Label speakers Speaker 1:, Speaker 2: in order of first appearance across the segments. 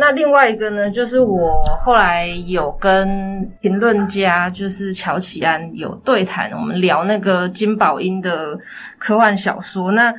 Speaker 1: 那另外一個呢，就是我後來有跟評論家，就是喬齊安有對談，我們聊那個金寶英的科幻小說。那。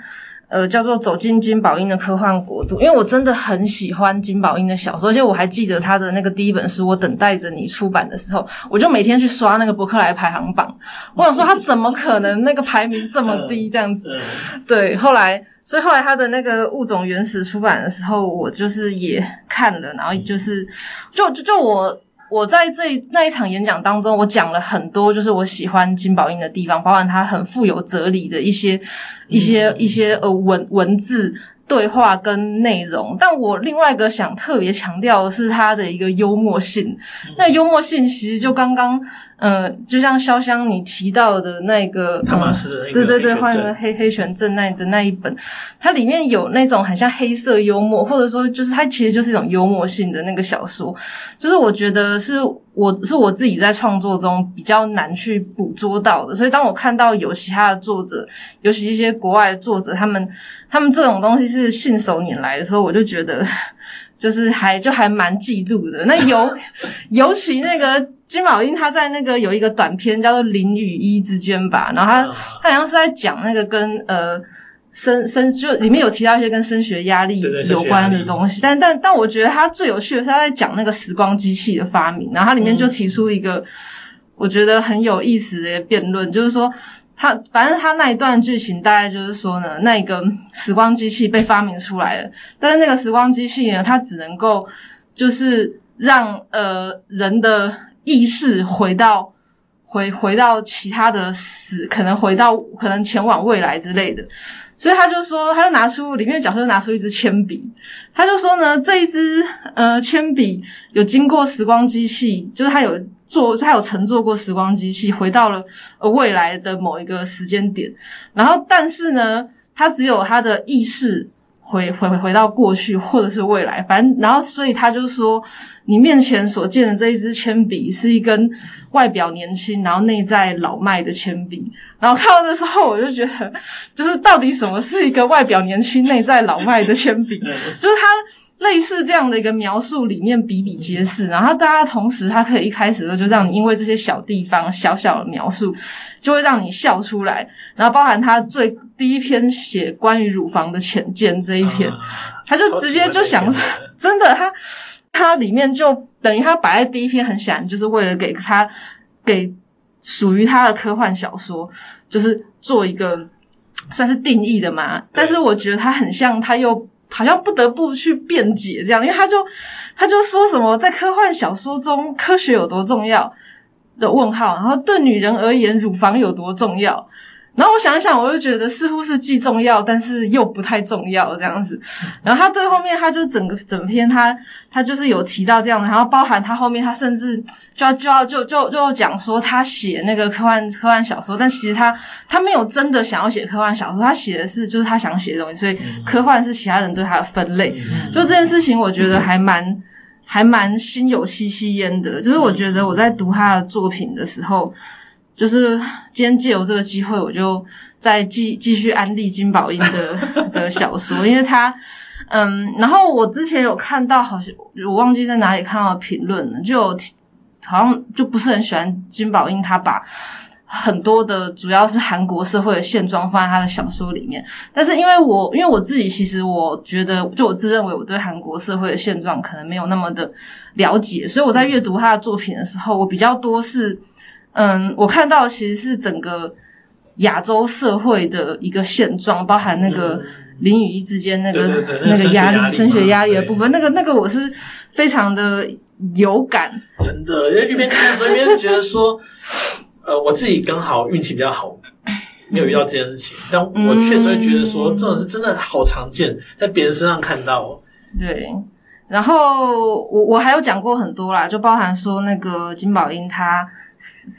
Speaker 1: 呃，叫做走進金寶英的科幻國度，因為我真的很喜歡金寶英的小說，而且我還記得他的那個第一本書《我等待着你》出版的時候，我就每天去刷那個博客來排行榜，我想說他怎麼可能那個排名這麼低這樣子？ 嗯嗯、對，後來，所以後來他的那個物種源始出版的時候，我就是也看了，然後就是，就就就我。我在這那一場演講當中，我講了很多，就是我喜歡金寶英的地方，包含他很富有哲理的一些、一些、嗯、一些呃文文字對話跟內容。但我另外一個想特別強調的是他的一個幽默性，嗯、那幽默性其實就剛剛。呃，就像瀟湘你提到的那個，那個嗯、對對對，換了黑黑泉鎮那的那一本，它裡面有那種很像黑色幽默，或者說就是它其實就是一種幽默性的那個小說，就是我覺得是我是我自己在創作中比較難去捕捉到的，所以當我看到有其他的作者，尤其一些國外的作者，他們他們這種東西是信手拈來的時候，我就覺得就是還就還蠻嫉妒的。那尤 尤其那個。金寶英他在那個有一個短篇叫做《零與一之間》吧，然後他、uh huh. 他好像是在講那個跟呃生生就裡面有提到一些跟升學壓力有關的東西，對對但但但我覺得他最有趣的是他在講那個時光機器的發明，然後他裡面就提出一個我覺得很有意思的辯論，嗯、就是說他反正他那一段劇情大概就是說呢，那個時光機器被發明出來了，但是那個時光機器呢，它只能夠就是讓呃人的。意識回到回回到其他的死，可能回到可能前往未來之類的，所以他就說，他就拿出裡面的角色，就拿出一支鉛筆，他就說呢，這一支呃鉛筆有經過時光機器，就是他有坐，就是他有乘坐過時光機器，回到了未來的某一個時間點，然後但是呢，他只有他的意識。回回回到過去或者是未來，反正然後所以他就是說，你面前所見的這一支鉛筆是一根外表年輕然後內在老邁的鉛筆。然後看到的時候，我就覺得，就是到底什麼是一個外表年輕內 在老邁的鉛筆？就是它。類似這樣的一個描述裡面比比皆是，然後大家同時他可以一開始的時候就讓你因為這些小地方小小的描述就會讓你笑出來，然後包含他最第一篇寫關於乳房的淺見這一篇，啊、他就直接就想，的真的他他裡面就等於他擺在第一篇很顯然就是為了給他給屬於他的科幻小說就是做一個算是定義的嘛，對但是我覺得他很像他又。好像不得不去辯解這樣，因為他就他就說什麼在科幻小說中科學有多重要的問號，然後對女人而言乳房有多重要。然後我想一想，我就覺得似乎是既重要，但是又不太重要這樣子。然後他對後面，他就整個整篇，他，他他就是有提到這樣的。然後包含他後面，他甚至就要就要就就就講說，他寫那個科幻科幻小說，但其實他他沒有真的想要寫科幻小說，他寫的是就是他想寫的東西。所以科幻是其他人對他的分類。就這件事情，我覺得還蠻還蠻心有戚戚焉的。就是我覺得我在讀他的作品的時候。就是今天借由這個機會，我就再繼繼續安利金寶英的 的小說，因為他，嗯，然後我之前有看到，好像我忘記在哪裡看到的評論了，就有，好像就不是很喜歡金寶英，他把很多的主要是韓國社會的現狀放在他的小說裡面，但是因為我，因為我自己其實我覺得，就我自認為我對韓國社會的現狀可能沒有那麼的了解，所以我在閱讀他的作品的時候，我比較多是。嗯，我看到其實是整個亞洲社會的一個現狀，包含那個零與一之間那個、嗯、對對對，那個壓力升學壓力的部分，對那個那個我是非常的有感。
Speaker 2: 真的，因為一邊看，所以一邊覺得說， 呃，我自己剛好運氣比較好，沒有遇到這件事情，但我確實會覺得說，這種是真的好常見，在別人身上看到。
Speaker 1: 對，然後我我還有講過很多啦，就包含說那個金寶英她。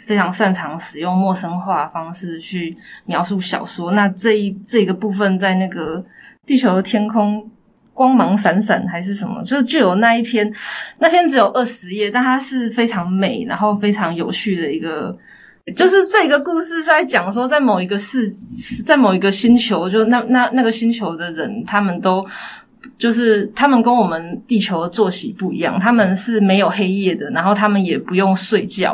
Speaker 1: 非常擅長使用陌生化方式去描述小說。那這一這個部分，在那個地球的天空光芒閃閃還是什麼，就就有那一篇，那篇只有二十頁，但它是非常美，然後非常有趣的一個。就是這個故事是在講說，在某一個世，在某一個星球，就那那那個星球的人，他們都就是他們跟我們地球的作息不一樣，他們是沒有黑夜的，然後他們也不用睡覺。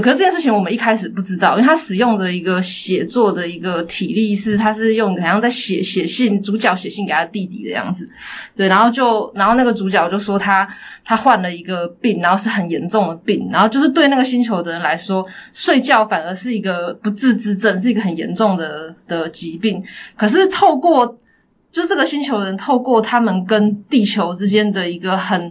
Speaker 1: 對，可是這件事情我們一開始不知道，因為他使用的一個寫作的一個體例是，他是用好像在寫寫信，主角寫信給他的弟弟的樣子，對，然後就，然後那個主角就說他他患了一個病，然後是很嚴重的病，然後就是對那個星球的人來說，睡覺反而是一個不治之症，是一個很嚴重的的疾病。可是透過就這個星球的人透過他們跟地球之間的一個很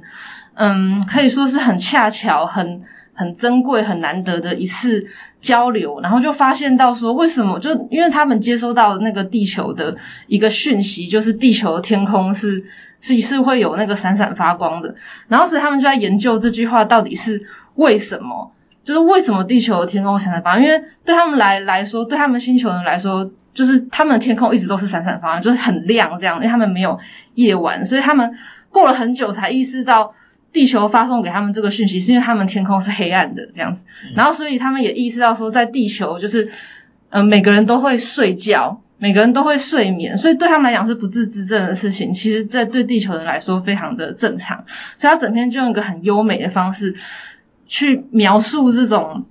Speaker 1: 嗯，可以說是很恰巧很。很珍貴、很難得的一次交流，然後就發現到說，為什麼？就因為他們接收到的那個地球的一個訊息，就是地球的天空是是是會有那個閃閃發光的，然後所以他們就在研究這句話到底是為什麼？就是為什麼地球的天空會閃閃發光？因為對他們來來說，對他們星球人來說，就是他們的天空一直都是閃閃發光，就是很亮這樣，因為他們沒有夜晚，所以他們過了很久才意識到。地球發送給他們這個訊息，是因為他們天空是黑暗的這樣子，然後所以他們也意識到說，在地球就是，嗯、呃，每個人都會睡覺，每個人都會睡眠，所以對他們來講是不治之症的事情，其實在對地球人來說非常的正常。所以他整篇就用一個很優美的方式去描述這種，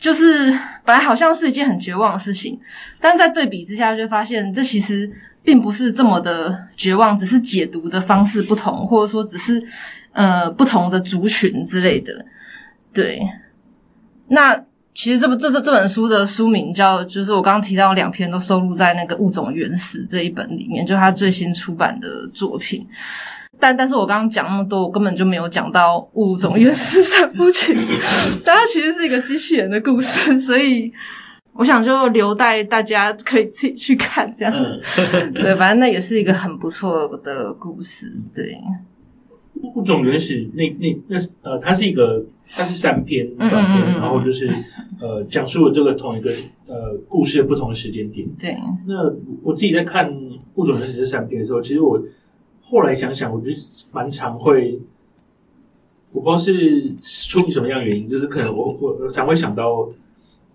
Speaker 1: 就是本來好像是一件很絕望的事情，但在對比之下就發現，這其實並不是這麼的絕望，只是解讀的方式不同，或者說只是。呃，不同的族群之類的，對。那其實這部這這這本書的書名叫，就是我剛剛提到兩篇都收錄在那個《物種源始》這一本裡面，就是他最新出版的作品。但但是我剛剛講那麼多，我根本就沒有講到《物種源始》三部曲。但它其實是一個機器人的故事，所以我想就留待大家可以自己去看，這樣。對，反正那也是一個很不錯的故事，對。物
Speaker 3: 種源始那那那是呃，它是一個，它是三篇短篇，嗯嗯嗯嗯然後就是呃，講述了這個同一個呃故事的不同的時間點。對，那我自己在看物種源始這三篇的時候，其實我後來想想，我覺得蠻常會，我不知道是出於什麼樣的原因，就是可能我我常會想到，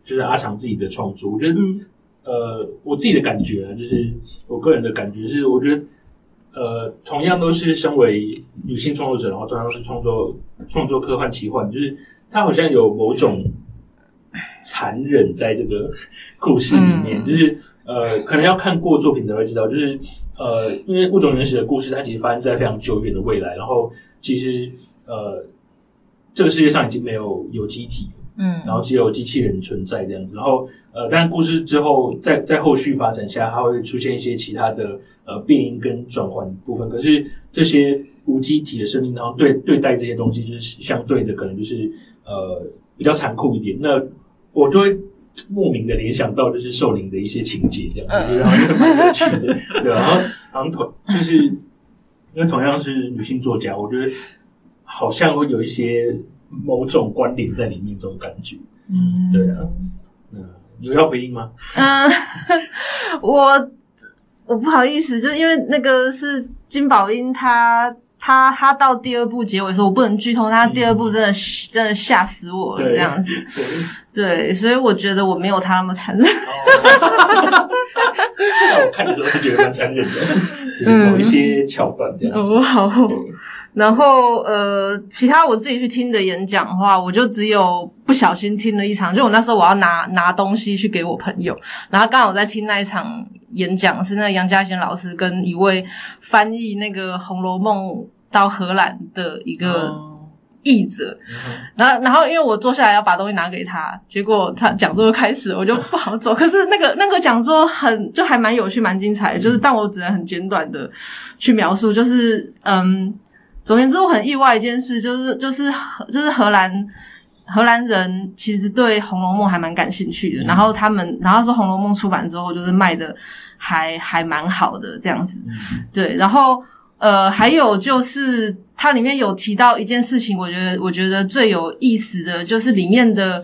Speaker 3: 就是阿長自己的創作，我覺得、嗯、呃，我自己的感覺啊，就是我個人的感覺是，我覺得。呃，同樣都是身為女性創作者，然後同樣都是創作創作科幻奇幻，就是他好像有某種殘忍在這個故事裡面，嗯、就是呃，可能要看過作品才會知道，就是呃，因為物種源始的故事，它其實發生在非常久遠的未來，然後其實呃，這個世界上已經沒有有機體。嗯，然後只有機器人存在這樣子，然後呃，但故事之後在在後續發展下，它會出現一些其他的呃變音跟轉換部分。可是這些無機體的生命，然後對對待這些東西，就是相對的，可能就是呃比較殘酷一點。那我就會莫名的聯想到就是獸靈的一些情節這樣，就是、嗯、然後蠻有趣的，對。然後同就是因為同樣是女性作家，我覺得好像會有一些。某種觀點在裡面，這種感覺，嗯，對啊，有、嗯、要回應嗎？
Speaker 1: 嗯，我我不好意思，就是因為那個是金寶英，他他他到第二部結尾的時候，我不能劇透，他第二部真的、嗯、真的嚇死我了，這樣子，對，對，對，所以我覺得我沒有他那麼殘忍。
Speaker 3: 那、哦、 我看的時候是覺得蠻殘忍的，有、嗯、一些橋段
Speaker 1: 這樣子，好不好。然後呃，其他我自己去聽的演講的話，我就只有不小心聽了一場。就我那時候我要拿拿東西去給我朋友，然後剛好我在聽那一場演講，是那個楊家賢老師跟一位翻譯那個《紅樓夢》到荷蘭的一個譯者。Oh. 然後然後因為我坐下來要把東西拿給他，結果他講座就開始了，我就不好走。 可是那個那個講座很就還蠻有趣蠻精彩，就是但我只能很簡短的去描述，就是嗯。總言之，我很意外一件事就是，就是，就是荷蘭荷蘭人其實對《紅樓夢》還蠻感興趣的。嗯、然後他們，然後說《紅樓夢》出版之後，就是賣的還、嗯、還蠻好的這樣子。對，然後呃，還有就是它裡面有提到一件事情，我覺得我覺得最有意思的就是裡面的。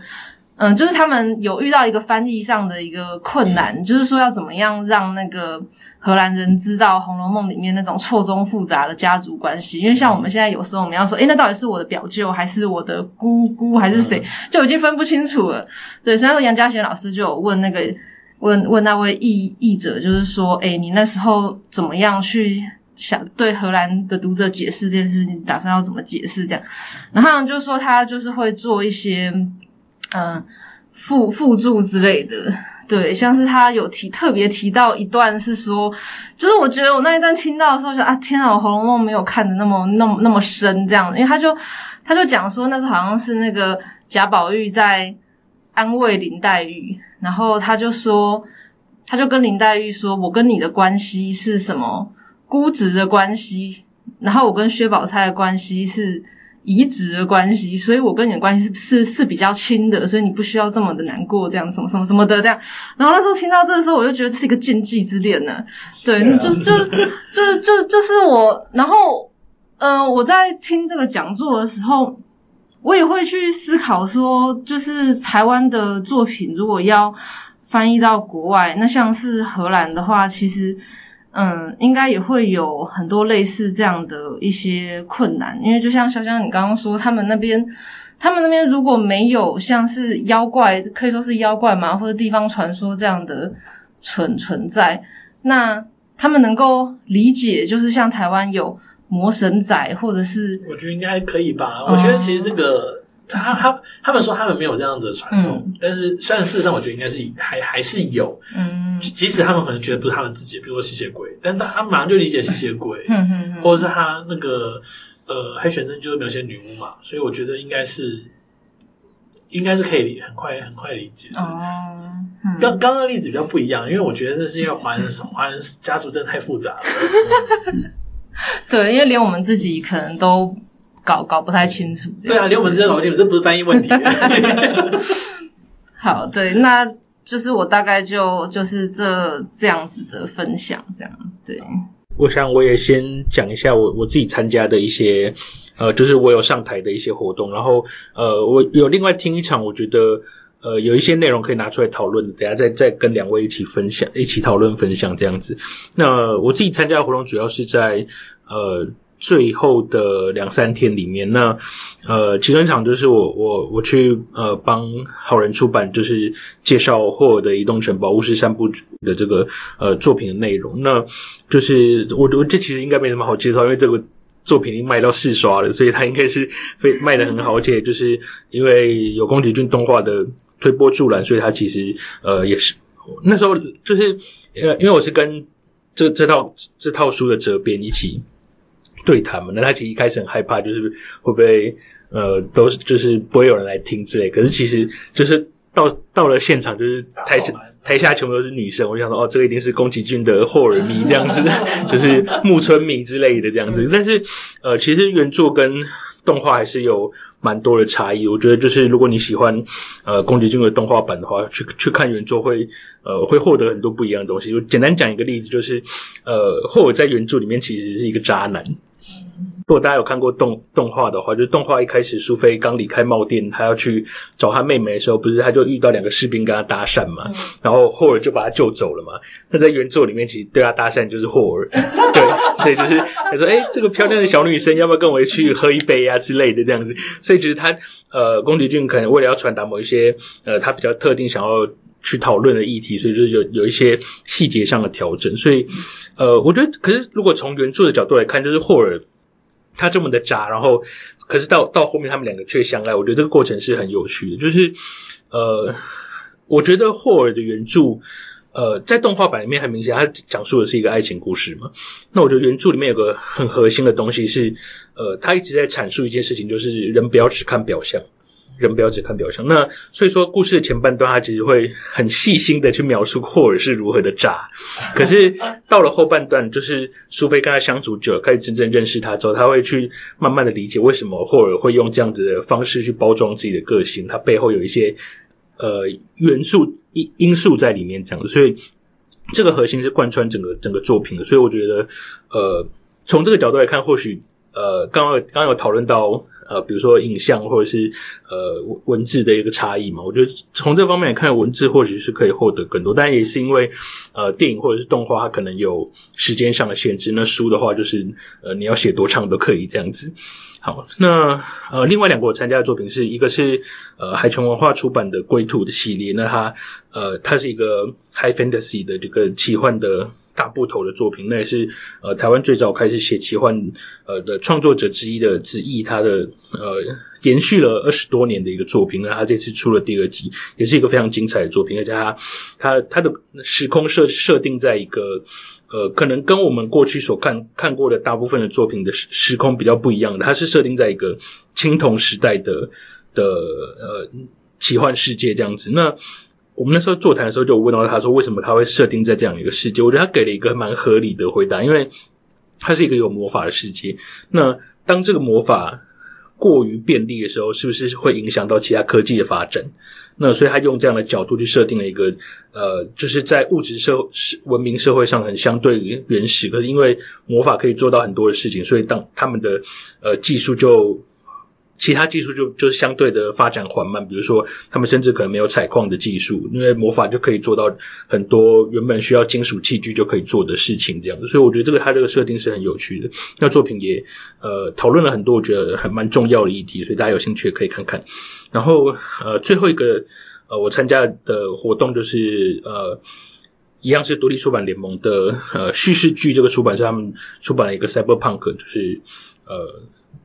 Speaker 1: 嗯，就是他們有遇到一個翻譯上的一個困難，嗯、就是說要怎麼樣讓那個荷蘭人知道《紅樓夢》裡面那種錯綜複雜的家族關係。因為像我們現在有時候我們要說，哎、嗯，那到底是我的表舅還是我的姑姑還是誰，就已經分不清楚了。對，所以那時候楊嘉賢老師就有問那個問問那位譯譯者，就是說，哎，你那時候怎麼樣去想對荷蘭的讀者解釋這件事情？打算要怎麼解釋？這樣，然後就說他就是會做一些。嗯，附附註之類的，對，像是他有提，特別提到一段是說，就是我覺得我那一段聽到的時候，就啊天啊，天哪，我《紅樓夢》沒有看的那麼、那麼、那麼深這樣，因為他就他就講說那是好像是那個賈寶玉在安慰林黛玉，然後他就說，他就跟林黛玉說，我跟你的關係是什麼估值的關係，然後我跟薛寶釵的關係是。移植的關係，所以我跟你的關係是是是比較親的，所以你不需要這麼的難過，這樣什麼什麼什麼的這樣。然後那時候聽到這個時候，我就覺得這是一個禁忌之戀呢、啊。對，就就就就就是我。然後，嗯、呃，我在聽這個講座的時候，我也會去思考說，就是台灣的作品如果要翻譯到國外，那像是荷蘭的話，其實。嗯，應該也會有很多類似這樣的一些困難，因為就像瀟湘你剛剛說，他們那邊，他們那邊如果沒有像是妖怪，可以說是妖怪嘛，或者地方傳說這樣的存存在，那他們能夠理解，就是像台灣有魔神仔，或者是我
Speaker 2: 覺得應該還可以吧。我覺得其實這個。嗯他他他們說他們沒有這樣子的傳統，嗯、但是雖然事實上我覺得應該是還還是有，嗯、即使他們可能覺得不是他們自己，比如說吸血鬼，但他馬上就理解吸血鬼，嗯嗯嗯、或者是他那個呃黑泉鎮，就是描寫女巫嘛，所以我覺得應該是應該是可以理，很快很快理解的。剛、哦嗯、剛剛的例子比較不一樣，因為我覺得那是因為華人、嗯嗯、華人家族真的太複雜了，
Speaker 1: 嗯、 對，因為連我們自己可能都。搞搞不太清楚這樣，對啊，連我們真的搞不清楚，對這不是翻譯問題。 好，對，那就是我大概就就是這這樣子的分享，這樣對。
Speaker 3: 我想我也先講一下我我自己參加的一些呃，就是我有上台的一些活動，然後呃，我有另外聽一場，我覺得呃有一些內容可以拿出來討論，等一下再再跟兩位一起分享，一起討論分享這樣子。那我自己參加的活動主要是在呃。最後的兩三天裡面，那呃，其中一場就是我我我去呃幫好人出版就、這個呃，就是介紹霍爾的移動城堡》《巫師三部曲》的這個呃作品的內容。那就是我我這其實應該沒什麼好介紹，因為這個作品已經賣到四刷了，所以它應該是非賣得很好。嗯、而且就是因為有宮崎駿動畫的推波助瀾，所以它其實呃也是那時候就是呃因為我是跟這這套這套書的責編一起。對談嘛，那他其實一開始很害怕，就是會不會呃，都是就是不會有人來聽之類。可是其實就是到到了現場，就是台下後台下全部都是女生，我就想說，哦，這個一定是宮崎駿的霍爾迷這樣子， 就是木村迷之類的這樣子。但是呃，其實原著跟動畫還是有蠻多的差異。我覺得就是如果你喜歡呃宮崎駿的動畫版的話，去去看原著會呃會獲得很多不一樣的東西。我簡單講一個例子，就是呃霍爾在原著裡面其實是一個渣男。如果大家有看過動動畫的話，就是動畫一開始蘇菲剛離開帽店，她要去找她妹妹的時候，不是她就遇到兩個士兵跟她搭訕嘛？然後霍爾就把他救走了嘛。那在原作裡面，其實對他搭訕就是霍爾，對，所以就是她說：“誒、欸、這個漂亮的小女生，要不要跟我去喝一杯啊之類的這樣子。”所以就是他呃，宮崎駿可能為了要傳達某一些呃他比較特定想要去討論的議題，所以就是有有一些細節上的調整。所以呃，我覺得可是如果從原著的角度來看，就是霍爾。他這麼的渣，然後，可是到到後面他們兩個卻相愛，我覺得這個過程是很有趣的。就是，呃，我覺得霍爾的原著，呃，在動畫版裡面很明顯，他講述的是一個愛情故事嘛。那我覺得原著裡面有個很核心的東西是，呃，他一直在闡述一件事情，就是人不要只看表象。人不要只看表象，那所以說故事的前半段，他其實會很細心的去描述霍爾是如何的渣，可是到了後半段，就是蘇菲跟他相處久了，開始真正認識他之後，他會去慢慢的理解為什麼霍爾會用這樣子的方式去包裝自己的個性，他背後有一些呃元素因因素在裡面這樣子，所以這個核心是貫穿整個整個作品的，所以我覺得呃，從這個角度來看，或許呃，剛剛剛剛有討論到。呃，比如說影像或者是呃文字的一個差異嘛，我覺得從這方面來看，文字或許是可以獲得更多，但也是因為呃電影或者是動畫它可能有時間上的限制，那書的話就是呃你要寫多長都可以這樣子。好，那呃另外兩個我參加的作品是一個是呃海穹文化出版的《歸途》的系列，那它呃它是一個 High Fantasy 的這個奇幻的。大部頭的作品，那也是呃台灣最早開始寫奇幻呃的創作者之一的子異，他的呃延續了二十多年的一個作品，那他這次出了第二集，也是一個非常精彩的作品，而且他他他的時空設設定在一個呃可能跟我們過去所看看過的大部分的作品的時時空比較不一樣的，他是設定在一個青銅時代的的呃奇幻世界這樣子那。我們那時候座談的時候就問到他說，為什麼他會設定在這樣一個世界？我覺得他給了一個蠻合理的回答，因為他是一個有魔法的世界。那當這個魔法過於便利的時候，是不是會影響到其他科技的發展？那所以他用這樣的角度去設定了一個呃，就是在物質社會文明社會上很相對於原始，可是因為魔法可以做到很多的事情，所以當他們的呃技術就。其他技術就就是相對的發展緩慢，比如說他們甚至可能沒有採礦的技術，因為魔法就可以做到很多原本需要金屬器具，就可以做的事情，這樣子。所以我覺得這個他這個設定是很有趣的，那作品也呃討論了很多我覺得還蠻重要的議題，所以大家有興趣也可以看看。然後呃最後一個呃我參加的活動就是呃一樣是獨立出版聯盟的呃敘事鋸這個出版社他們出版了一個 Cyberpunk，就是呃。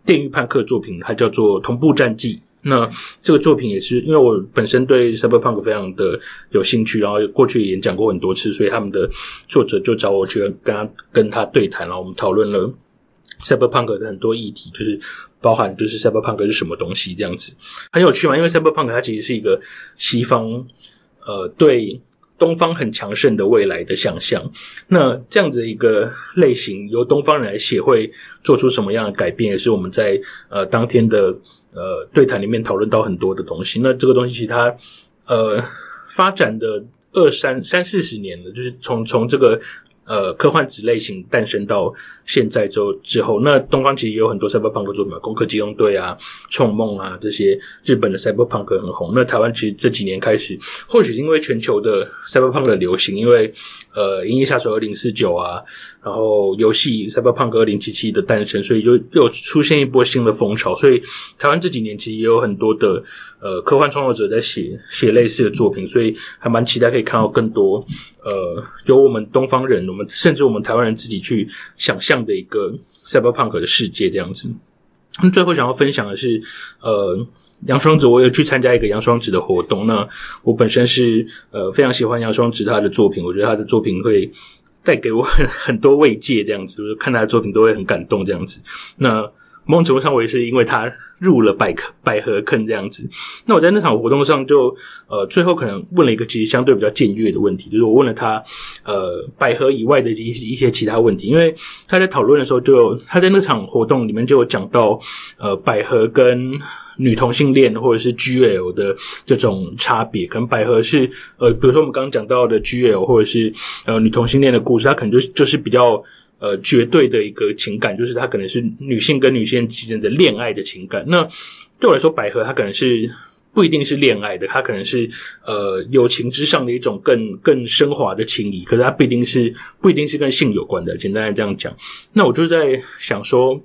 Speaker 3: 電馭叛客作品，它叫做《同步戰紀》。那這個作品也是因為我本身對 cyberpunk 非常的有興趣，然後過去也演講過很多次，所以他們的作者就找我去跟他跟他對談了。然後我們討論了 cyberpunk 的很多議題，就是包含就是 cyberpunk 是什麼東西這樣子，很有趣嘛。因為 cyberpunk 它其實是一個西方呃對。東方很強盛的未來的想象，那這樣子一個類型由東方人來寫會做出什麼樣的改變，也是我們在呃當天的呃對談裡面討論到很多的東西。那這個東西其實它呃發展的二三三四十年了，就是從從這個。呃，科幻子類型誕生到現在之後，那東方其實也有很多賽博朋克作品，攻殼機動隊啊、銃夢啊這些日本的賽博朋克很紅。那台灣其實這幾年開始，或許是因為全球的賽博朋克的流行，因為。呃，銀翼殺手二零四九啊，然後遊戲 cyberpunk 二零七七的誕生，所以就又出現一波新的風潮。所以台灣這幾年其實也有很多的呃科幻創作者在寫寫類似的作品，所以還蠻期待可以看到更多呃由我們東方人，我們甚至我們台灣人自己去想象的一個 cyberpunk 的世界這樣子。那最後想要分享的是，呃，楊雙子，我有去參加一個楊雙子的活動。那我本身是呃非常喜歡楊雙子他的作品，我覺得他的作品會帶給我很很多慰藉，這樣子，就是看他的作品都會很感動這樣子。那。某種程度上，我也是因為他入了百合百合坑這樣子。那我在那場活動上就呃，最後可能問了一個其實相對比較僭越的問題，就是我問了他呃百合以外的一一些其他問題，因為他在討論的時候就有，他在那場活動裡面就有講到呃百合跟女同性戀或者是 GL 的這種差別，可能百合是呃比如說我們剛剛講到的 GL 或者是呃女同性戀的故事，他可能就就是比較。呃，絕對的一個情感，就是它可能是女性跟女性之間的戀愛的情感。那對我來說，百合它可能是不一定是戀愛的，它可能是呃友情之上的一種更更昇華的情誼。可是它不一定是不一定是跟性有關的，簡單來這樣講。那我就在想說。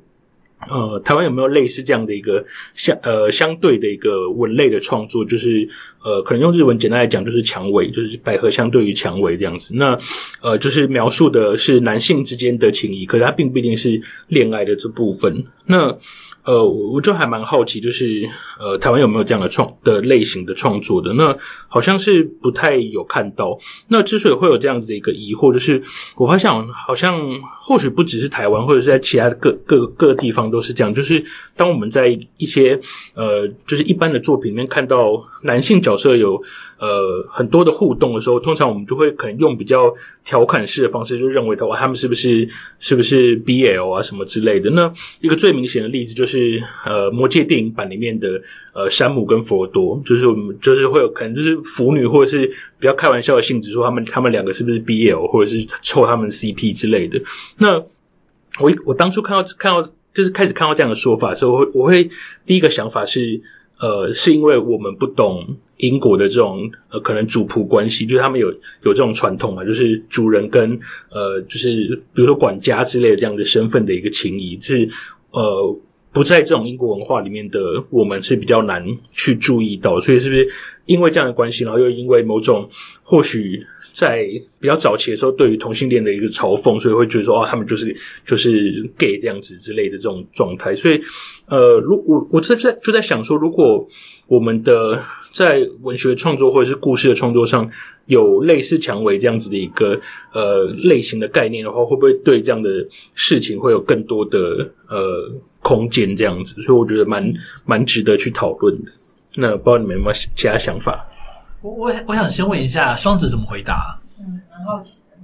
Speaker 3: 呃，台灣有沒有類似這樣的一個相呃相對的一個文類的創作？就是呃，可能用日文簡單來講，就是“薔薇”，就是百合相對於薔薇這樣子。那呃，就是描述的是男性之間的情誼，可是它並不一定是戀愛的這部分。那呃，我就還蠻好奇，就是呃，台灣有沒有這樣的創的類型的創作的？那好像是不太有看到。那之所以會有這樣子的一個疑惑，就是我發現好像或許不只是台灣，或者是在其他各各各個地方都是這樣。就是當我們在一些呃，就是一般的作品裡面看到男性角色有呃很多的互動的時候，通常我們就會可能用比較調侃式的方式，就認為他，哇，他們是不是是不是 BL 啊什麼之類的？那一個最明顯的例子就是。就是呃，魔戒電影版裡面的呃，山姆跟佛多，就是我們就是會有可能就是腐女，或者是比較開玩笑的性質，說他們他們兩個是不是 BL，或者是湊他們 CP 之類的。那我我當初看到看到就是開始看到這樣的說法之後，我會,我會第一個想法是呃，是因為我們不懂英國的這種呃，可能主僕關係，就是他們有有這種傳統嘛，就是主人跟呃，就是比如說管家之類的這樣的身份的一個情誼，就是呃。不在這種英國文化裡面的我們是比較難去注意到，所以是不是因為這樣的關係，然後又因為某種或許在比較早期的時候，對於同性戀的一個嘲諷，所以會覺得說哦、啊，他們就是就是 gay 這樣子之類的這種狀態。所以，呃，如我我就在就在想說，如果我們的在文學創作或者是故事的創作上有類似《薔薇》這樣子的一個呃類型的概念的話，會不會對這樣的事情會有更多的呃？空間這樣子，所以我覺得蠻蠻值得去討論的。那不知道你們有沒有其他想法？我我我想先問一下雙子怎麼回答？嗯，
Speaker 1: 蠻
Speaker 3: 好奇的。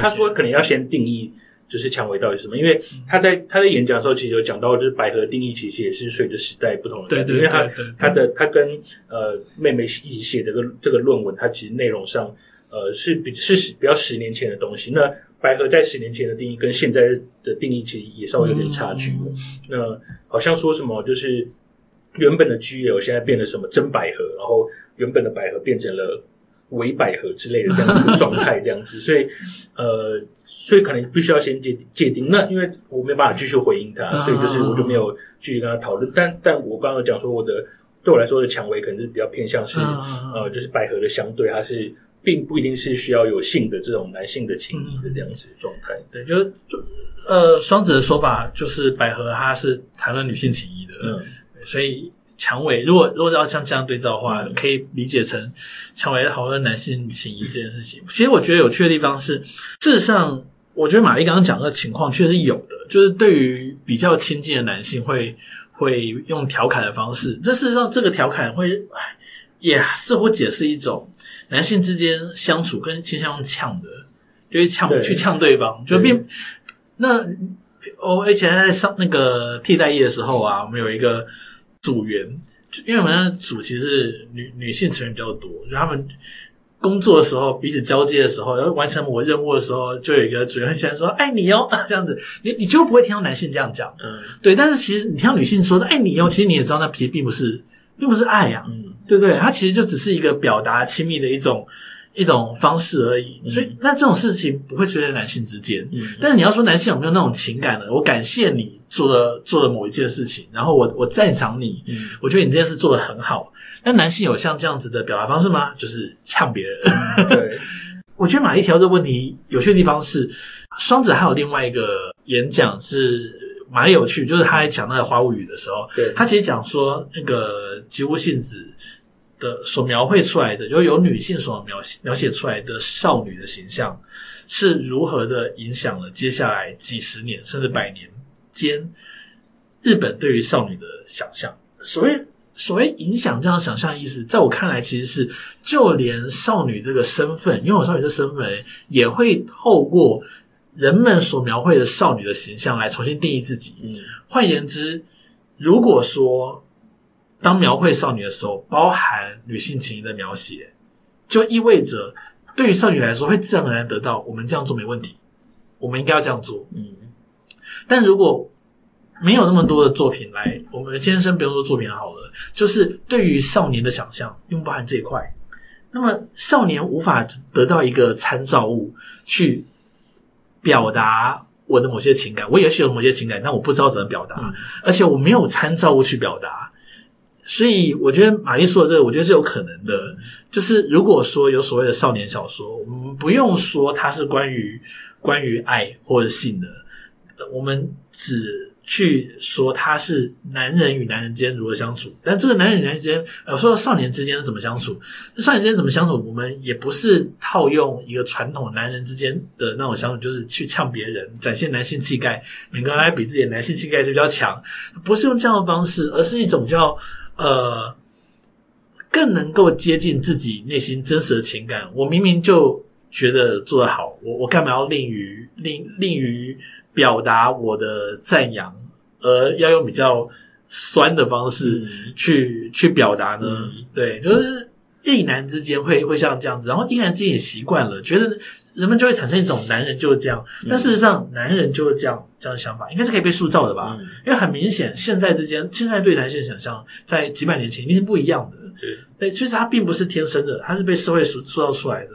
Speaker 3: 他說可能要先定義，就是薔薇到底是什麼，因為他在、嗯、他在演講的時候其實有講到，就是百合的定義其實也是隨着時代不同的。對對，對，對，對，對對，因為他他的他跟呃妹妹一起寫的個這個論文，它其實內容上呃是比是比較十年前的東西。那百合在十年前的定義跟現在的定義其實也稍微有點差距。嗯、那好像說什麼就是原本的居 e 現在變得什麼真百合，然後原本的百合變成了偽百合之類的這樣一個狀態，這樣子。 所以呃，所以可能必須要先界定界定。那因為我沒辦法繼續回應他，嗯、所以就是我就沒有繼續跟他討論、嗯。但但我剛剛講說我的對我來說的薔薇可能是比較偏向是、嗯、呃，就是百合的相對，它是。並不一定是需要有性的這種男性的情誼的這樣子的狀態、嗯，
Speaker 2: 對，就是呃，雙子的說法就是百合，他是談論女性情誼的，嗯，所以薔薇，如果如果要像這樣對照的話，嗯，可以理解成薔薇討論男性情誼這件事情。嗯、其實我覺得有趣的地方是，事實上，我覺得馬立剛剛講的情況確實有的，就是對於比較親近的男性會，會會用調侃的方式，這、嗯、事實上這個調侃會也似乎解釋一種。男性之間相處更傾向於嗆的，就會、是、嗆，對去嗆對方，就並，對那我以前在上那個替代役的時候啊，嗯、我們有一個組員，
Speaker 1: 因為我們那
Speaker 2: 組其實是女、嗯、女性成員比較多，就他們工作的時候，彼此交接的時候，要完成某任務的時候，就有一個組員會先說“愛你哦”這樣子，你你就不會聽到男性這樣講，嗯，對，但是其實你聽到女性說的“愛你哦”，嗯、其實你也知道那皮並不是，並不是愛呀、啊，嗯。對對，他其實就只是一個表達親密的一種一種方式而已，嗯、所以那這種事情不會出現男性之間。嗯嗯，但是你要說男性有沒有那種情感呢？我感謝你做的做的某一件事情，然後我我讚賞你，嗯、我覺得你這件事做得很好。那男性有像這樣子的表達方式嗎？嗯、就是嗆別人。對， 我覺得馬立提這問題有趣的地方是，雙子還有另外一個演講是蠻有趣，就是他在講那個《花物語》的時候，對他其實講說那個吉屋信子。的所描繪出來的，就有女性所描描寫出來的少女的形象是如何的影響了接下來幾十年甚至百年間日本對於少女的想象。所謂所謂影響這樣的想象的意思，在我看來其實是，就連少女這個身份，擁有少女這身份，也會透過人們所描繪的少女的形象來重新定義自己。嗯、換言之，如果說。當描繪少女的時候，包含女性情誼的描寫，就意味着對於少女來說，會自然而然得到。我們這樣做沒問題，我們應該要這樣做。嗯，但如果沒有那麼多的作品來，我們先生不用說作品好了，就是對於少年的想象，因為包含這一塊，那麼少年無法得到一個參照物去表達我的某些情感，我也許有某些情感，但我不知道怎麼表達，嗯、而且我沒有參照物去表達。所以我覺得馬立說的這個，我覺得是有可能的。就是如果說有所謂的少年小說，我們不用說它是關於關於愛或者性的，我們只去說它是男人與男人之間如何相處。但這個男人與男人之間，呃，說到少年之間怎麼相處？那少年之間怎麼相處？我們也不是套用一個傳統男人之間的那種相處，就是去嗆別人，展現男性氣概，你剛剛比自己的男性氣概是比較強，不是用這樣的方式，而是一種叫。呃，更能夠接近自己內心真實的情感。我明明就覺得做得好，我我幹嘛要吝於吝吝於表達我的讚揚，而要用比較酸的方式去、嗯、去，去表達呢？嗯、對，就是異性男之間會會像這樣子，然後異性男之間也習慣了，覺得。人們就會產生一種男人就是這樣，但事實上，男人就是這樣、嗯、這樣的想法，應該是可以被塑造的吧？嗯、因為很明顯，現在之間，現在對男性的想象在幾百年前，一定是不一樣的。對、嗯，其實他並不是天生的，他是被社會塑塑造出來的。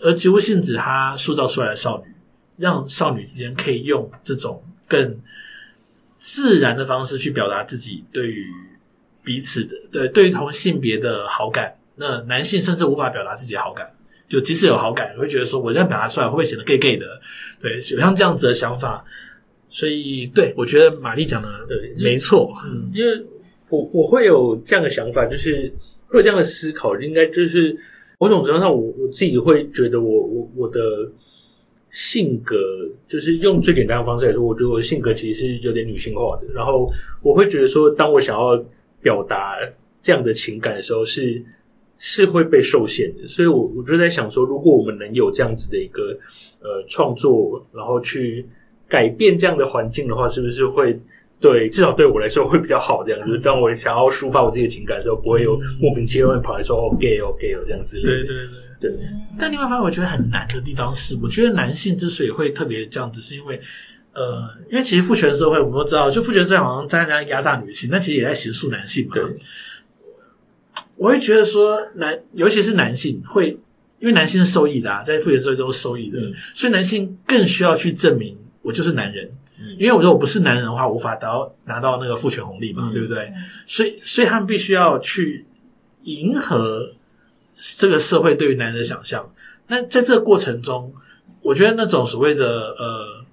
Speaker 2: 而植物性子，它塑造出來的少女，讓少女之間可以用這種更自然的方式去表達自己對於彼此的，對，對於同性別的好感。那男性甚至無法表達自己的好感。就即使有好感，我會覺得說，我這樣表達出來會不會顯得 gay gay 的？對，有像這樣子的
Speaker 3: 想法，所以對，我覺得馬立講的沒錯，對對，嗯、因為我我會有這樣的想法，就是會有這樣的思考。應該就是某種程度上我，我我自己會覺得我，我我我的性格，就是用最簡單的方式來說，我覺得我的性格其實是有點女性化的。然後我會覺得說，當我想要表達這樣的情感的時候是。是會被受限的，所以，我我就在想說，如果我們能有這樣子的一個呃創作，然後去改變這樣的環境的話，是不是會對至少對我來說會比較好？這樣子？就是、當我想要抒發我自己的情感的時候，不會有莫名其妙跑來說哦 gay 哦 gay 哦這樣子。對對對對。
Speaker 2: 對但另外一方面，我覺得很難的地方是，我覺得男性之所以會特別這樣子，是因為呃，因為其實父權社會我們都知道，就父權社會好像在在壓榨女性，但其實也在形塑男性嘛。對。我會覺得說，男尤其是男性會，因為男性是受益的，啊，在父權社會中都是受益的，嗯、所以男性更需要去證明我就是男人，嗯、因為我如果我不是男人的話，無法達到，拿到那個父權紅利嘛，嗯、對不對？所以，所以他們必須要去迎合這個社會對於男人的想象。那在這個過程中，我覺得那種所謂的呃。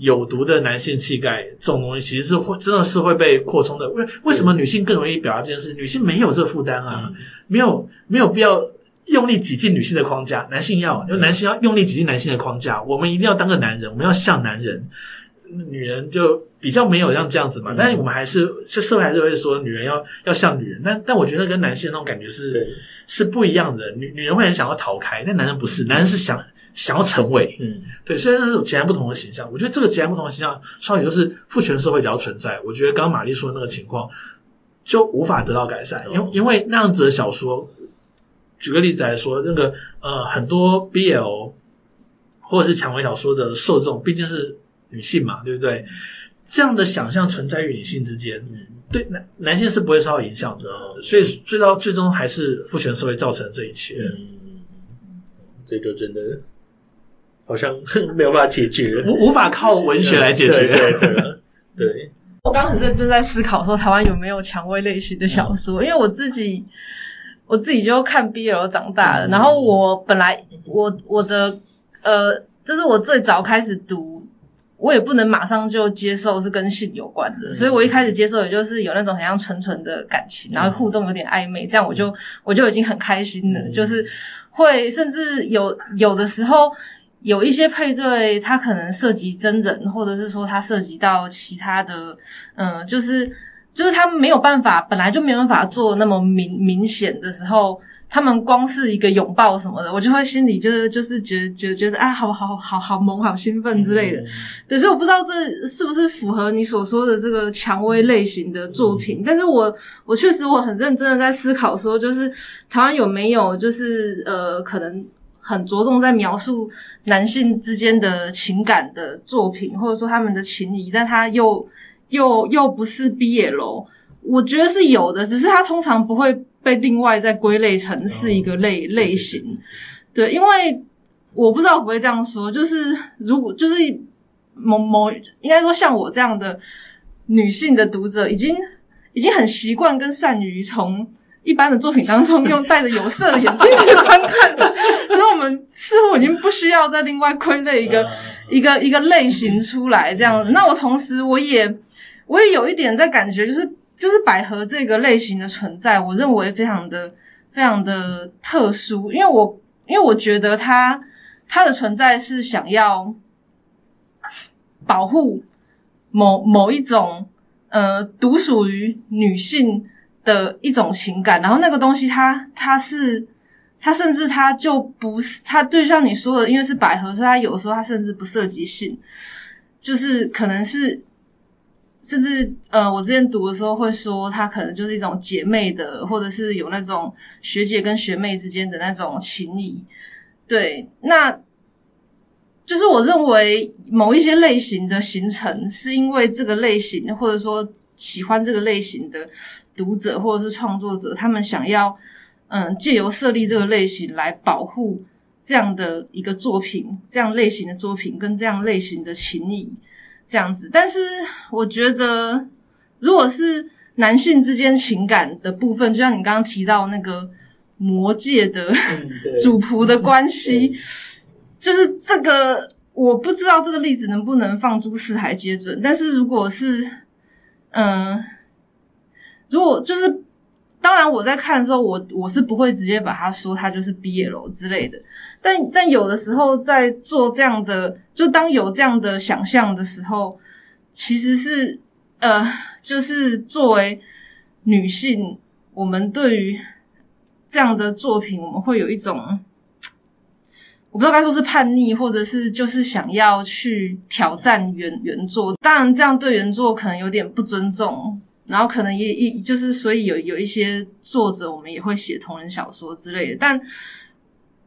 Speaker 2: 有毒的男性氣概，這種東西其實是會，真的是會被擴充的。為為什麼女性更容易表達這件事？女性沒有這負擔啊，沒有沒有必要用力擠進女性的框架。男性要，因為男性要用力擠進男性的框架。我們一定要當個男人，我們要像男人。女人就比較沒有像這樣子嘛，嗯、哼但是我們還是這社會還是會說女人要要像女人，但但我覺得跟男性那種感覺是對是不一樣的。女女人會很想要逃開，但男人不是，男人是想、嗯、想要成為，嗯，對。雖然是這種截然不同的形象，我覺得這個截然不同的形象，稍微就是父權社會只要存在，我覺得剛剛馬立說的那個情況就無法得到改善。對因因為那樣子的小說，舉個例子來說，那個呃，很多 BL 或者是薔薇小說的受眾畢竟是。女性嘛，對不對？這樣的想象存在於女性之間，嗯、對男男性是不會受到影響的。嗯、所以，最到最終還是父權社會造成了這一切。嗯，
Speaker 3: 這就真的好像沒有辦法解
Speaker 2: 決，無無法靠文學來解決。對，對對
Speaker 3: 對
Speaker 1: 對，我剛才很認真在思考說，台灣有沒有薔薇類型的小說？嗯、因為我自己，我自己就看 BL 長大了，嗯、然後我本來我我的呃，就是我最早開始讀。我也不能馬上就接受是跟性有關的，所以我一開始接受也就是有那種很像純純的感情，嗯、然後互動有點曖昧，這樣我就、嗯、我就已經很開心了。嗯、就是會甚至有有的時候有一些配對，他可能涉及真人，或者是說他涉及到其他的，嗯，就是就是他沒有辦法，本來就沒有辦法做那麼明明顯的時候。他們光是一個擁抱什麼的，我就會心裡就是就是覺覺覺得，覺得啊，好好好好萌，好興奮之類的。可是、嗯、我不知道這是不是符合你所說的這個薔薇類型的作品。嗯、但是我我確實我很認真的在思考說，就是台灣有沒有就是呃可能很着重在描述男性之間的情感的作品，或者說他們的情誼，但他又又又不是 BL，我覺得是有的，只是他通常不會。被另外再歸類成是一個類、oh, okay. 類型，對，因為我不知道我不會這樣說，就是如果就是某某應該說像我這樣的女性的讀者已，已經已經很習慣跟善於從一般的作品當中用戴著有色的眼鏡去觀看，看， 所以我們似乎已經不需要再另外歸類一個 uh, uh, uh, uh, 一個一個類型出來這樣子。Mm hmm. 那我同時我也我也有一點在感覺就是，就是百合這個類型的存在，我認為非常的非常的特殊，因為我因為我覺得它，它的存在是想要保護某某一種呃獨屬於女性的一種情感，然後那個東西它它是它甚至它就不是它就像你說的，因為是百合，所以它有的時候它甚至不涉及性，就是可能是。甚至，呃，我之前讀的時候會說，他可能就是一種姐妹的，或者是有那種學姐跟學妹之間的那種情誼，對。那就是我認為某一些類型的形成，是因為這個類型，或者說喜歡這個類型的讀者或者是創作者，他們想要，嗯、呃，借由設立這個類型來保護這樣的一個作品，這樣類型的作品跟這樣類型的情誼。這樣子，但是我覺得，如果是男性之間情感的部分，就像你剛剛提到那個魔戒的、嗯、對主僕的關係，嗯、就是這個，我不知道這個例子能不能放諸四海皆準。但是如果是，嗯、呃，如果就是。當然，我在看的時候我，我我是不會直接把他說他就是 BL 之類的。但但有的時候，在做這樣的，就當有這樣的想象的時候，其實是呃，就是作為女性，我們對於這樣的作品，我們會有一種，我不知道該說是叛逆，或者是就是想要去挑戰原原作。當然，這樣對原作可能有點不尊重。然後可能也一就是，所以有有一些作者，我們也會寫同人小說之類的。但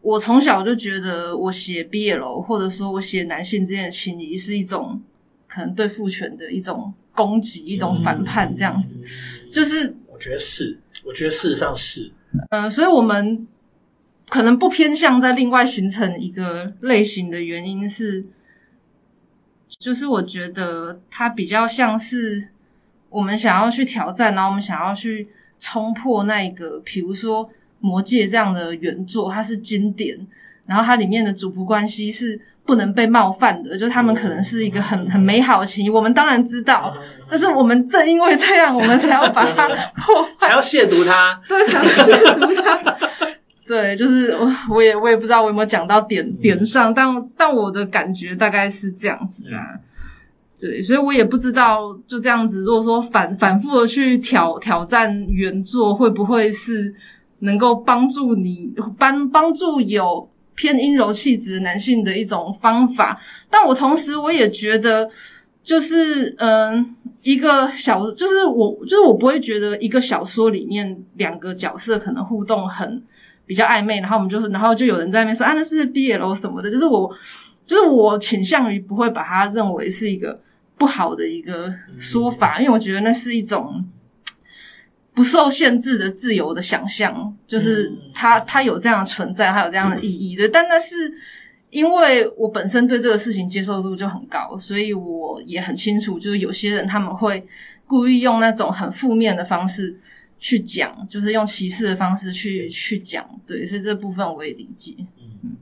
Speaker 1: 我從小就覺得，我寫 BL，或者說我寫男性之間的情誼，是一種可能對父權的一種攻擊，嗯、一種反叛，這樣子。就是
Speaker 2: 我覺得是，我覺得事實上是，
Speaker 1: 呃，所以我們可能不偏向在另外形成一個類型的原因是，就是我覺得它比較像是。我們想要去挑戰，然後我們想要去衝破那個，比如說《魔戒》這樣的原作，它是經典，然後它裡面的主僕關係是不能被冒犯的。就他們可能是一個很、嗯、很美好的情誼，我們當然知道，嗯、但是我們正因為這樣，我們才要把它破壞才，才要
Speaker 2: 褻瀆它，對，才要褻
Speaker 1: 瀆它。對，就是我，我也我也不知道我有沒有講到點點上，嗯、但但我的感覺大概是這樣子啦、啊。嗯對，所以我也不知道就這樣子。如果說反反覆的去挑挑戰原作，會不會是能夠幫助你幫幫助有偏陰柔氣質的男性的一種方法？但我同時我也覺得，就是呃，就是嗯一個小就是我就是我不會覺得一個小說裡面兩個角色可能互動很比較曖昧，然後我們就是然後就有人在那邊說啊那是 BL 什麼的，就是我就是我傾向於不會把它認為是一個。不好的一個說法，因為我覺得那是一種不受限制的自由的想象，就是它它有這樣的存在，它有這樣的意義的。對，對，但那是因為我本身對這個事情接受度就很高，所以我也很清楚，就是有些人他們會故意用那種很負面的方式去講，就是用歧視的方式去去講。對，所以這部分我也理解。嗯，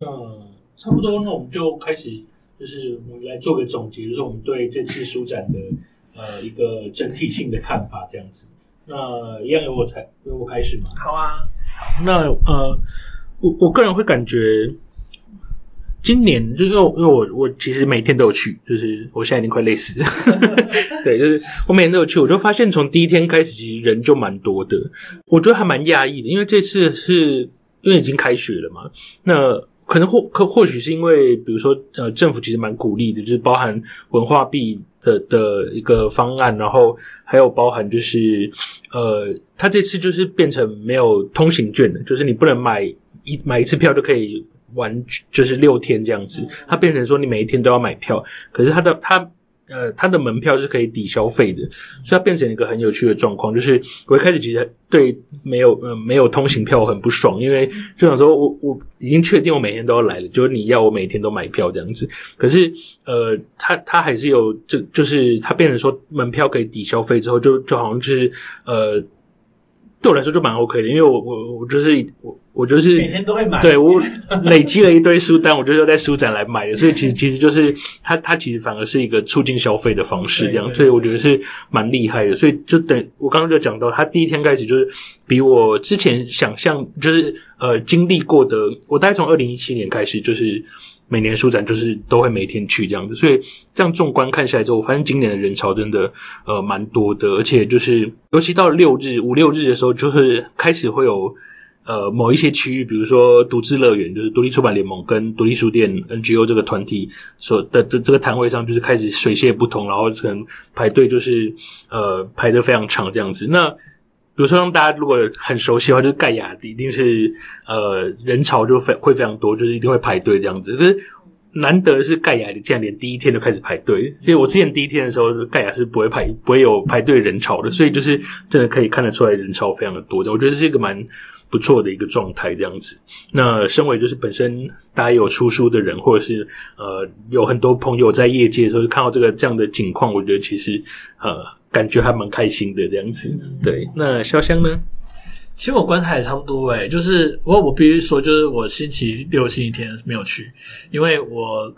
Speaker 1: 嗯差
Speaker 3: 不多，那我們就開始。就是我們來做個總結，就是我們對這次書展的呃一個整體性的看法這樣子。那一樣由我采由我開始嘛？好啊。那呃，我我個人會感覺今年就因、是、為因為我我其實每天都有去，就是我現在已經快累死了。 對，就是我每天都有去，我就發現從第一天開始其實人就蠻多的，我覺得還蠻壓抑的訝異，因為這次是因為已經開學了嘛，那。可能或可或許是因為，比如說，呃，政府其實蠻鼓勵的，就是包含文化幣的的一個方案，然後還有包含就是，呃，它這次就是變成沒有通行券的，就是你不能買一買一次票就可以玩，就是六天這樣子，它變成說你每一天都要買票，可是它的它。呃，他的門票是可以抵消費的，所以他變成一個很有趣的狀況。就是我一開始其實對沒有嗯、呃、沒有通行票我很不爽，因為就想說我我已經確定我每天都要來了，就是你要我每天都買票這樣子。可是呃，他他還是有這就，就是他變成說門票可以抵消費之後，就就好像就是呃對我來說就蠻 OK 的，因為我我我就是我。我就是每天都會買，對，我累積了一堆書單， 我就是在書展來買的，所以其實其實就是它，它其實反而是一個促進消費的方式，這樣，對對對對，所以我覺得是蠻厲害的。所以就等我剛剛就講到，他第一天開始就是比我之前想象，就是呃經歷過的，我大概從二零一七年開始，就是每年書展就是都會每天去這樣子，所以這樣縱觀看下來之後，我發現今年的人潮真的呃蠻多的，而且就是尤其到六日、五六日的時候，就是開始會有。呃，某一些區域，比如說獨自樂園，就是獨立出版聯盟跟獨立書店 NGO 這個團體所的這這個攤位上，就是開始水泄不通，然後可能排隊就是呃排得非常長這樣子。那比如說讓大家如果很熟悉的話，就是蓋亞，一定是呃人潮就非會非常多，就是一定會排隊這樣子。可是難得的是蓋亞，的竟然連第一天就開始排隊。所以我之前第一天的時候，蓋亞是不會排不會有排隊人潮的，所以就是真的可以看得出來人潮非常的多，我覺得這是一個蠻。不錯的一個狀態，這樣子。那身為就是本身大家有出書的人，或者是呃有很多朋友在業界的時候，就看到這個這樣的景況，我覺得其實呃感覺還蠻開心的這樣子。嗯、對，那瀟湘呢？
Speaker 2: 其實我觀察也差不多哎，就是我我必須說，就是我星期六、星期天沒有去，因為我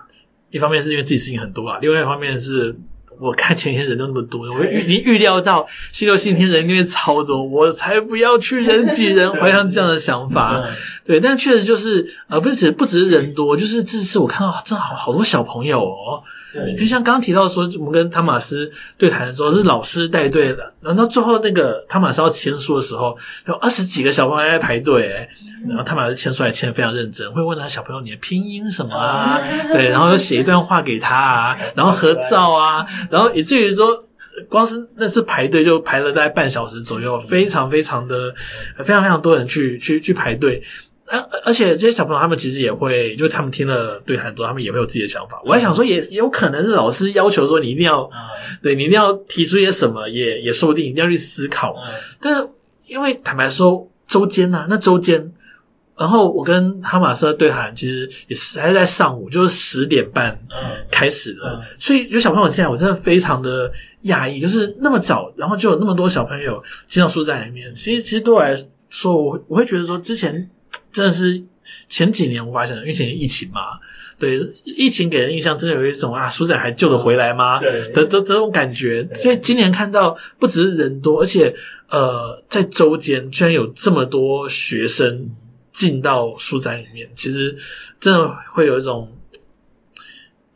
Speaker 2: 一方面是因為自己事情很多啊，另外一方面是。我看前一天人都那麼多，我預已經預料到星期六、星期天人應該超多，我才不要去人擠人，懷上這樣的想法。 對，但確實就是，呃，不止不只是人多，就是這次我看到真的好好多小朋友哦。就對像剛剛提到說，我們跟湯馬斯對談的時候是老師帶隊的，然後最後那個湯馬斯要簽書的時候，有二十幾個小朋友還在排隊誒，然後湯馬斯簽書還簽得非常認真，會問他小朋友，你的拼音什麼啊？對，然後就寫一段話給他，啊，然後合照啊，然後以至於說，光是那次排隊就排了大概半小時左右，非常非常的，非常非常多人去去去排隊。而而且這些小朋友他們其實也會，就是他們聽了對談之後，他們也會有自己的想法。我還想說也，也有可能是老師要求說你一定要，嗯、對你一定要提出一些什麼，也也說不定一定要去思考。嗯、但是因為坦白說，周間啊，那周間，然後我跟哈馬斯對談，其實也是還在上午，就是十點半開始的，嗯嗯、所以有小朋友現在我真的非常的訝異，就是那麼早，然後就有那麼多小朋友進到書展裡面。其實其實對我來說，我我會覺得說之前。真的是前幾年無法想象，因為前年疫情嘛，對，疫情給人印象真的有一種啊，書展還救得回來嗎？嗯、對，的、的這種感覺。對所以今年看到不只是人多，而且呃，在周間居然有這麼多學生進到書展裡面，其實真的會有一種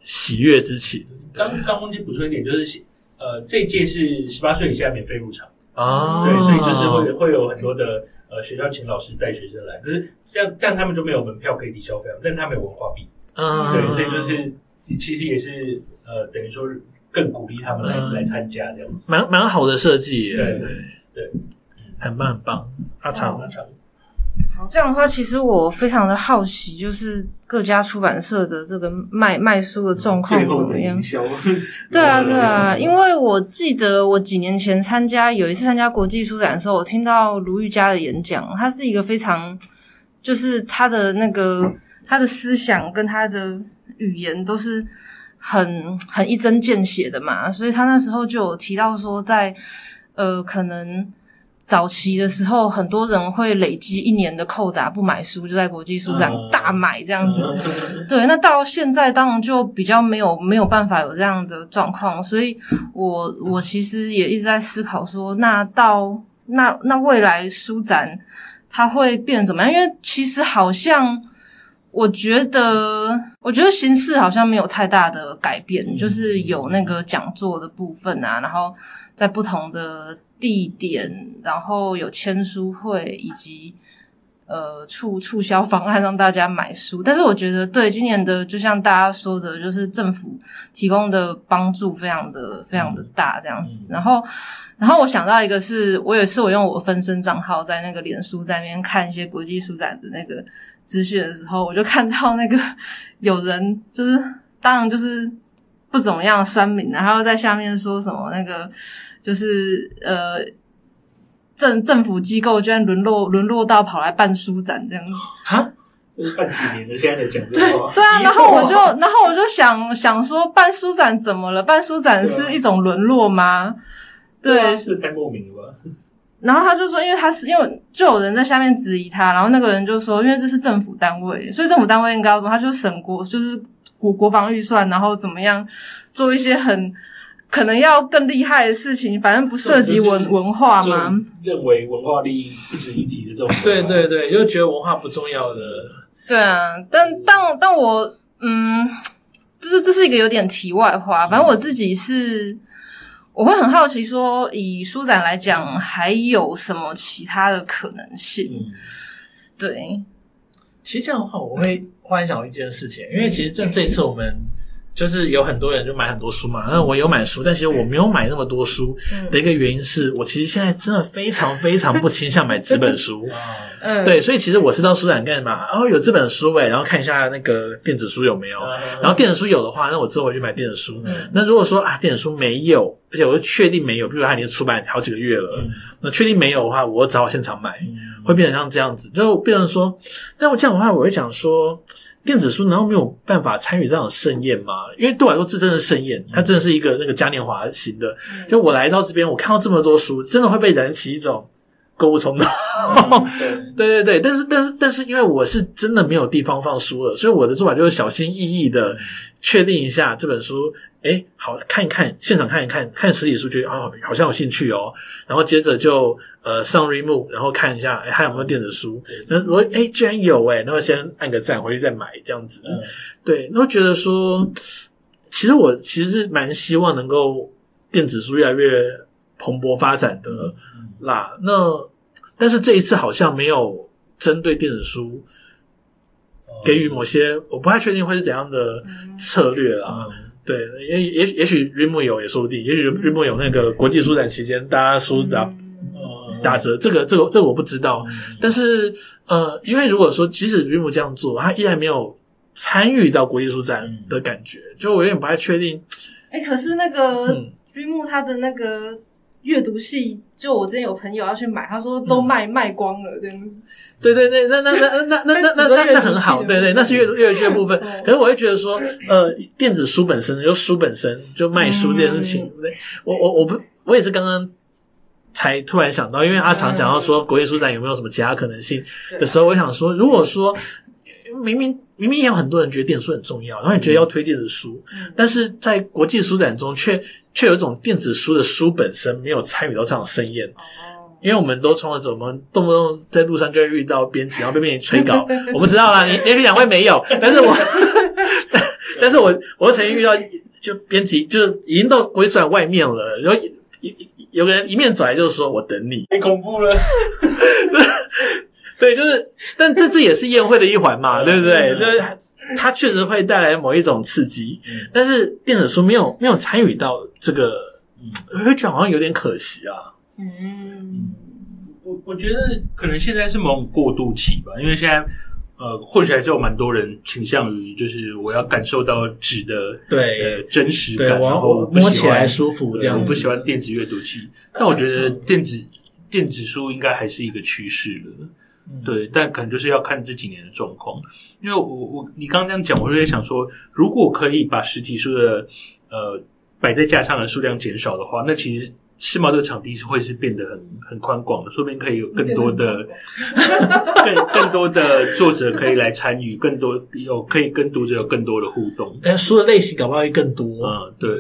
Speaker 2: 喜悅之情。
Speaker 3: 剛剛忘記補充一點，就是呃，這屆是十八歲以下免費入場啊，對，
Speaker 2: 所以就是會會有很
Speaker 3: 多的。學校請老師帶學生來，可是這樣這樣他們就沒有門票可以抵消費，但他們有文化幣，嗯，對，所以就是其實也是呃，等於說更鼓勵他們來、嗯、來參加這樣子，蠻蠻好的設
Speaker 2: 計，對對
Speaker 3: 對、
Speaker 2: 嗯，很棒很棒，嗯、阿長阿長。
Speaker 1: 這樣的話，其實我非常的好奇，就是各家出版社的這個賣賣書的狀況怎麼樣？ 對啊，對啊， 因為我記得我幾年前參加有一次參加國際書展的時候，我聽到盧玉佳的演講，他是一個非常，就是他的那個他的思想跟他的語言都是很很一針見血的嘛，所以他那時候就有提到說在，在呃可能。早期的時候，很多人會累積一年的扣打，不買書就在國際書展、嗯、大買這樣子。嗯、對，那到現在當然就比較沒有沒有辦法有這樣的狀況，所以我我其實也一直在思考說，那到那那未來書展它會變怎麼樣？因為其實好像我覺得我覺得形式好像沒有太大的改變，嗯、就是有那個講座的部分啊，然後在不同的。地點，然後有簽書會以及呃促促銷方案讓大家買書，但是我覺得對今年的，就像大家說的，就是政府提供的幫助非常的非常的大，這樣子。嗯嗯、然後，然後我想到一個是，是我也是我用我分身賬號在那個臉書在那邊看一些國際書展的那個資訊的時候，我就看到那個有人就是當然就是不怎麼樣酸民，然後在下面說什麼那個。就是呃，政政府機構居然淪落淪落到跑來辦書展這樣子哈？這是
Speaker 3: 辦幾年了？現在才講這個話 對啊，然後我就
Speaker 1: 然後我就想想說，辦書展怎麼了？辦書展是一種淪落嗎？對，是太莫名了
Speaker 3: 吧？
Speaker 1: 然後他就說，因為他是因為就有人在下面質疑他，然後那個人就說，因為這是政府單位，所以政府單位應該要說，他就省國就是國國防預算，然後怎麼樣做一些很。可能要更厲害的事情，反正不涉及文、就是、文化嗎？
Speaker 3: 認為文化利益不值一提的這種， 對對對，因為覺得文化不重要的。
Speaker 1: 對啊，嗯、但但但我，嗯，就是這是一個有點題外話。反正我自己是，嗯、我會很好奇說，說以書展來講，還有什麼其他的可能性？嗯、對，其實這樣的話，我會
Speaker 2: 幻想一件事情，因為其實這這次我們。嗯就是有很多人就買很多書嘛，那我有買書，但其實我沒有買那麼多書的一個原因是、嗯、我其實現在真的非常非常不傾向買紙本書，嗯嗯、對，所以其實我是到書展幹什麼？哦，有這本書喂、欸，然後看一下那個電子書有沒有，嗯嗯嗯、然後電子書有的話，那我之後我去買電子書。嗯、那如果說啊，電子書沒有，而且我又確定沒有，比如說它已經出版好幾個月了，嗯、那確定沒有的話，我就只好現場買，嗯、會變成像這樣子，就變成說，那我這樣的話，我會講說。電子書難道沒有辦法參與這場盛宴嗎？因為對我來說，這真的是盛宴，它真的是一個那個嘉年華型的。就我來到這邊，我看到這麼多書，真的會被燃起一種購物衝動。 對對對，但是但是但是，但是因為我是真的沒有地方放書了，所以我的做法就是小心翼翼的確定一下這本書。哎、欸，好看一看，現場看一看，看實體書覺得啊、哦，好像有興趣哦。然後接着就呃上 remove，然後看一下，哎、欸，還有沒有電子書？那如果、嗯，哎、欸，居然有哎、欸，那我先按個讚，回去再買這樣子。嗯、對，那我覺得說，其實我其實是蠻希望能夠電子書越來越蓬勃發展的啦。嗯、那但是這一次好像沒有針對電子書給予某些，嗯、我不太確定會是怎樣的策略啦。嗯嗯對，也也許也許 Rimu 有也說不定，也許 Rimu 有那個國際書展期間，大家書打、嗯嗯、打折，這個這個這個、我不知道。嗯、但是呃，因為如果說即使 Rimu 這樣做，他依然沒有參與到國際書展的感覺，嗯、就我有點不太確定。
Speaker 1: 哎、欸，可是那個 Rimu 他的那個。嗯閱讀系，就我之前有朋友要去買，他說都賣、嗯、賣光
Speaker 2: 了，對對對對，那那那
Speaker 1: 那那 那那那那很好，
Speaker 2: 對，對，對，對對，那是閱讀、閱讀器的部分。對對對，可是我會覺得說， 呃，電子書本身，就書本身，就賣書這件事情， 對，我我我不，我也是剛剛才突然想到，因為阿常講到說國際書展有沒有什麼其他可能性的時候， 對啊、我想說，如果說。 明明明明也有很多人覺得電子書很重要，然後你覺得要推電子書，嗯、但是在國際書展中卻，卻卻有一種電子書的書本身沒有參與到這樣的盛宴。哦、因為我們都衝走，我們動不動在路上就會遇到編輯，然後被別人催稿。 我不知道啦，也許兩位沒有， 但是我， 但是我，我曾經遇到就編輯，就編輯就是已經到國際書展外面了，然後一有個人一面來就是說我等你，太恐怖了。 對，就是，但這這也是宴會的一環嘛，對不對？就是它確實會帶來某一種刺激，但是電子
Speaker 3: 書沒有沒有參與到這個，我覺得好像有點可惜啊。嗯，我我覺得可能現在是某種過渡期吧，因為現在呃，或許還是有蠻多人傾向於就是我要感受到紙的對真實感，然後摸起來舒服這樣，我不喜歡電子閱讀器。但我覺得電子電子書應該還是一個趨勢了。嗯、對，但可能就是要看這幾年的狀況，因為我我你剛剛這樣講，我就在想說，如果可以把實體書的呃擺在架上的數量減少的話，那其實世貿這個場地是會是變得很很寬廣的，說不定可以有更多的、嗯、更 更，更多的作者可以來參與，更多有可以跟讀者有更多的互動，誒、欸、書的類型搞不好會更多。嗯，對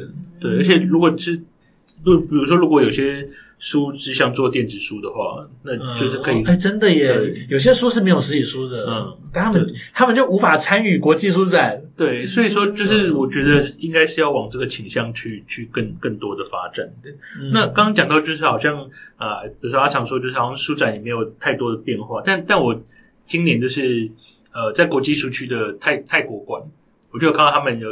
Speaker 3: 對，而且如果是就比如說，如果有些。書就像做電子書的話，那就是可以。哎、嗯欸，真的耶！對有些書是沒有實體書的。嗯，但他們對他們就無法參與國際書展。對，所以說就是我覺得應該是要往這個傾向去去更更多的發展的。嗯、那剛剛講到就是好像啊，呃、比如說阿常說就是好像書展也沒有太多的變化。但但我今年就是呃，在國際書區的泰泰國館，我就有看到他們有。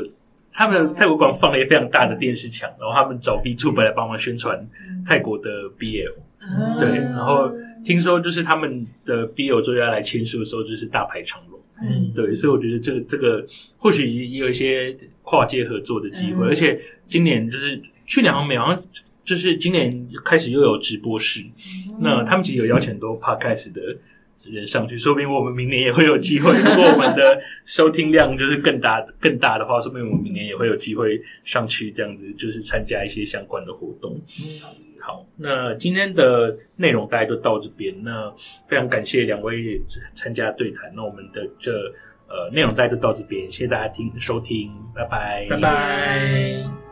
Speaker 3: 他們泰國館放了一個非常大的電視牆，然後他們找 B Two 來幫忙宣傳泰國的 BL，、嗯、對，然後聽說就是他們的 BL 作家來簽書的時候就是大排長龍，嗯，對，所以我覺得這個這個或許也有一些跨界合作的機會，嗯、而且今年就是去年好像沒，好像就是今年開始又有直播室，嗯、那他們其實有邀請很多 Podcast 的。人上去，說不定我們明年也會有機會。 如果我們的收聽量就是更大、更大的話，說不定我們明年也會有機會上去，這樣子就是參加一些相關的活動。嗯、好，那今天的內容大概就到這邊，那非常感謝兩位參加對談。那我們的這呃內容大概就到這邊，謝謝大家聽收聽，拜拜，拜拜。